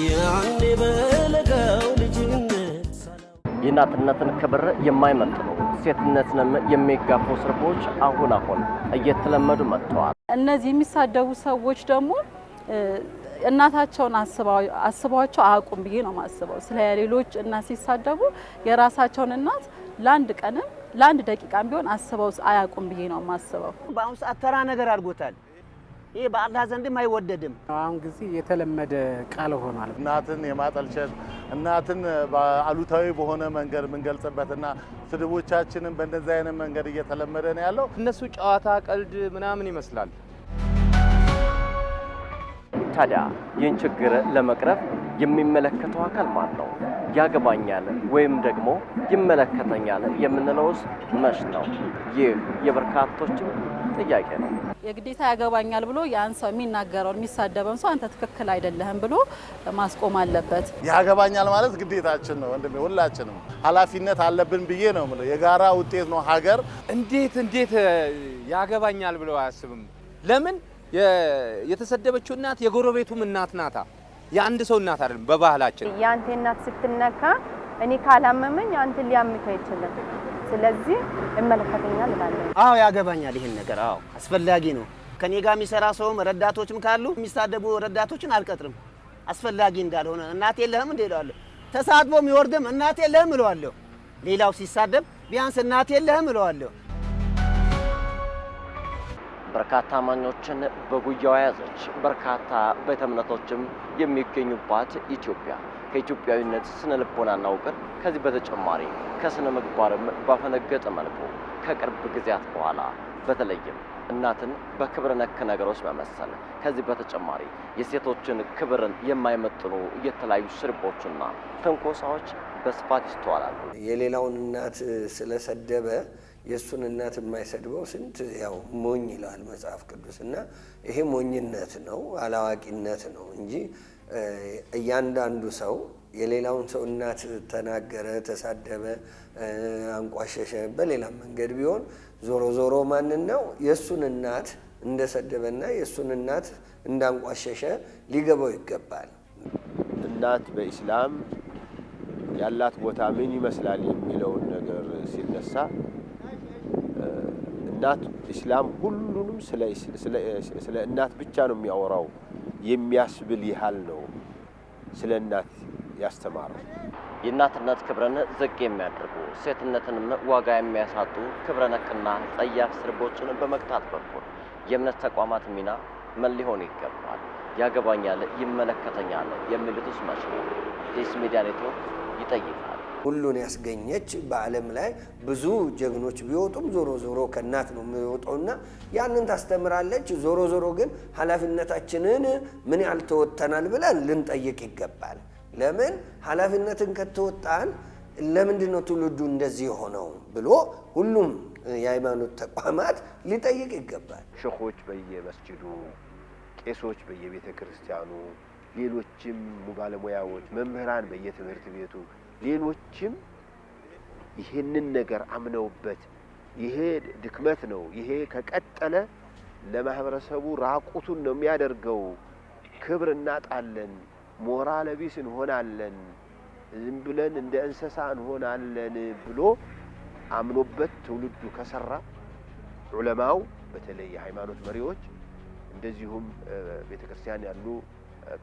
ያኔ በለጋው ልጅነት የእናትነትን ክብር የማይመጥኑ ሴትነትንም የሚጋፉ ስርቦች አሁን አሁን እየተለመዱ መጥተዋል። እነዚህ የሚሳደቡ ሰዎች ደግሞ እናታቸውን አስበዋቸው አያውቁም ብዬ ነው የማስበው። ስለ ሌሎች እናት ሲሳደቡ የራሳቸውን እናት ለአንድ ቀንም ለአንድ ደቂቃም ቢሆን አስበው አያውቁም ብዬ ነው የማስበው። በአሁኑ ሰዓት ተራ ነገር አድርጎታል። ይህ በአላህ ዘንድም አይወደድም። አሁን ጊዜ የተለመደ ቃል ሆኗል። እናትን የማጠልሸት እናትን አሉታዊ በሆነ መንገድ የምንገልጽበትና ስድቦቻችንን በእንደዚህ አይነት መንገድ እየተለመደ ነው ያለው። እነሱ ጨዋታ፣ ቀልድ ምናምን ይመስላል። ታዲያ ይህን ችግር ለመቅረፍ የሚመለከተው አካል ማን ነው? ያገባኛል ወይም ደግሞ ይመለከተኛል የምንለውስ መች ነው? ይህ የበርካቶችን ጥያቄ ነው። የግዴታ ያገባኛል ብሎ ያን ሰው የሚናገረውን የሚሳደበውን ሰው አንተ ትክክል አይደለህም ብሎ ማስቆም አለበት። ያገባኛል ማለት ግዴታችን ነው ወንድሜ፣ ሁላችንም ኃላፊነት አለብን ብዬ ነው የምለው። የጋራ ውጤት ነው ሀገር። እንዴት እንዴት ያገባኛል ብለው አያስብም? ለምን የተሰደበችው እናት የጎረቤቱም እናት ናታ፣ የአንድ ሰው እናት አይደለም። በባህላችን የአንተ እናት ስትነካ እኔ ካላመመኝ አንተ ሊያምከ አይችልም። ስለዚህ እመለከተኛል እላለሁ። አዎ ያገባኛል፣ ይህን ነገር አዎ አስፈላጊ ነው። ከኔ ጋር የሚሰራ ሰውም ረዳቶችም ካሉ የሚሳደቡ ረዳቶችን አልቀጥርም፣ አስፈላጊ እንዳልሆነ። እናቴ የለህም እንደ እለዋለሁ። ተሳትፎ የሚወርድም እናቴ የለህም እለዋለሁ። ሌላው ሲሳደብ ቢያንስ እናቴ የለህም እለዋለሁ። በርካታ አማኞችን በጉያው ያዘች፣ በርካታ ቤተ እምነቶችም የሚገኙባት ኢትዮጵያ ከኢትዮጵያዊነት ስነ ልቦናና እናውቅን። ከዚህ በተጨማሪ ከስነ ምግባር ባፈነገጠ መልኩ ከቅርብ ጊዜያት በኋላ በተለይም እናትን በክብር ነክ ነገሮች መመሰል፣ ከዚህ በተጨማሪ የሴቶችን ክብርን የማይመጥኑ የተለያዩ ስርቦችና ትንኮሳዎች በስፋት ይስተዋላሉ። የሌላውን እናት ስለሰደበ የእሱን እናት የማይሰድበው ስንት ያው ሞኝ ይለዋል መጽሐፍ ቅዱስ እና ይሄ ሞኝነት ነው፣ አላዋቂነት ነው እንጂ እያንዳንዱ ሰው የሌላውን ሰው እናት ተናገረ፣ ተሳደበ፣ አንቋሸሸ በሌላም መንገድ ቢሆን ዞሮ ዞሮ ማንን ነው የእሱን እናት እንደሰደበና የእሱን እናት እንዳንቋሸሸ ሊገባው ይገባል። እናት በኢስላም ያላት ቦታ ምን ይመስላል የሚለውን ነገር ሲነሳ እናት ኢስላም ሁሉንም ስለ እናት ብቻ ነው የሚያወራው የሚያስብል ያህል ነው ስለ እናት ያስተማረው። የእናትነት ክብርን ዝቅ የሚያደርጉ ሴትነትንም ዋጋ የሚያሳጡ ክብረ ነክና ጸያፍ ስርቦችን በመግታት በኩል የእምነት ተቋማት ሚና ምን ሊሆን ይገባል? ያገባኛል፣ ይመለከተኛል የሚሉት ውስጥ መቼ ነው? ሚዲያ ኔትወርክ ይጠይቃል። ሁሉን ያስገኘች በዓለም ላይ ብዙ ጀግኖች ቢወጡም ዞሮ ዞሮ ከእናት ነው የሚወጣውና ያንን ታስተምራለች። ዞሮ ዞሮ ግን ኃላፊነታችንን ምን ያህል ተወጥተናል ብለን ልንጠይቅ ይገባል። ለምን ኃላፊነትን ከተወጣን ለምንድን ነው ትውልዱ እንደዚህ የሆነው ብሎ ሁሉም የሃይማኖት ተቋማት ሊጠይቅ ይገባል። ሸኾች በየመስጅዱ፣ ቄሶች በየቤተ ክርስቲያኑ፣ ሌሎችም ባለሙያዎች፣ መምህራን በየትምህርት ቤቱ ሌሎችም ይሄንን ነገር አምነውበት ይሄ ድክመት ነው፣ ይሄ ከቀጠለ ለማህበረሰቡ ራቁቱን ነው የሚያደርገው፣ ክብር እናጣለን፣ ሞራል ቢስ እንሆናለን፣ ዝም ብለን እንደ እንስሳ እንሆናለን ብሎ አምኖበት ትውልዱ ከሰራ ዑለማው በተለይ የሃይማኖት መሪዎች እንደዚሁም ቤተ ክርስቲያን ያሉ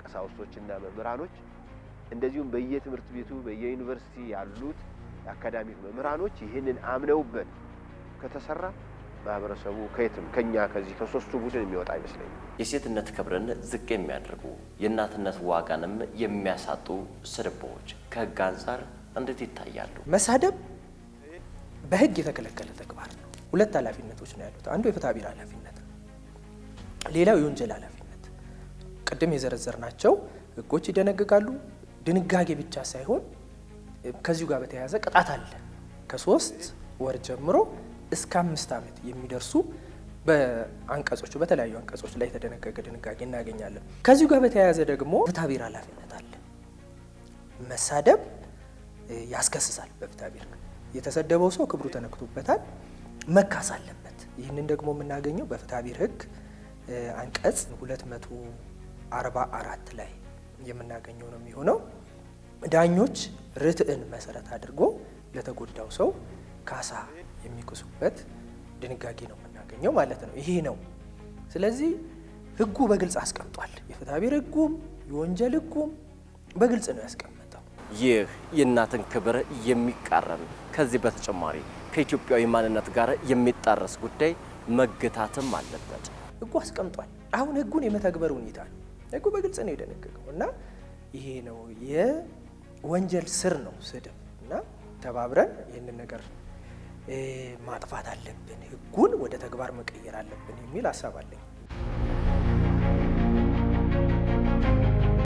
ቀሳውስቶችና መምህራኖች እንደዚሁም በየትምህርት ቤቱ በየዩኒቨርሲቲ ያሉት የአካዳሚክ መምህራኖች ይህንን አምነውበት ከተሰራ ማህበረሰቡ ከየትም ከኛ ከዚህ ከሶስቱ ቡድን የሚወጣ አይመስለኝ። የሴትነት ክብርን ዝቅ የሚያደርጉ የእናትነት ዋጋንም የሚያሳጡ ስድቦች ከህግ አንጻር እንዴት ይታያሉ? መሳደብ በህግ የተከለከለ ተግባር ነው። ሁለት ኃላፊነቶች ነው ያሉት። አንዱ የፍትሐ ብሔር ኃላፊነት ነው፣ ሌላው የወንጀል ኃላፊነት። ቅድም ናቸው ህጎች ይደነግጋሉ ድንጋጌ ብቻ ሳይሆን ከዚሁ ጋር በተያያዘ ቅጣት አለ። ከሶስት ወር ጀምሮ እስከ አምስት ዓመት የሚደርሱ በአንቀጾቹ በተለያዩ አንቀጾች ላይ የተደነገገ ድንጋጌ እናገኛለን። ከዚሁ ጋር በተያያዘ ደግሞ ፍትሐብሔር ኃላፊነት አለ። መሳደብ ያስከስሳል። በፍትሐብሔር የተሰደበው ሰው ክብሩ ተነክቶበታል፣ መካስ አለበት። ይህንን ደግሞ የምናገኘው በፍትሐብሔር ሕግ አንቀጽ 244 ላይ የምናገኘው ነው የሚሆነው። ዳኞች ርትዕን መሰረት አድርጎ ለተጎዳው ሰው ካሳ የሚክሱበት ድንጋጌ ነው የምናገኘው ማለት ነው። ይሄ ነው። ስለዚህ ህጉ በግልጽ አስቀምጧል። የፍትሐ ብሔር ህጉም የወንጀል ህጉም በግልጽ ነው ያስቀመጠው። ይህ የእናትን ክብር የሚቃረን ከዚህ በተጨማሪ ከኢትዮጵያዊ ማንነት ጋር የሚጣረስ ጉዳይ መገታትም አለበት። ህጉ አስቀምጧል። አሁን ህጉን የመተግበር ሁኔታ ነው ህጉ በግልጽ ነው የደነገገው እና ይሄ ነው የወንጀል ስር ነው ስድብ እና ተባብረን ይህንን ነገር ማጥፋት አለብን፣ ህጉን ወደ ተግባር መቀየር አለብን የሚል ሀሳብ አለኝ።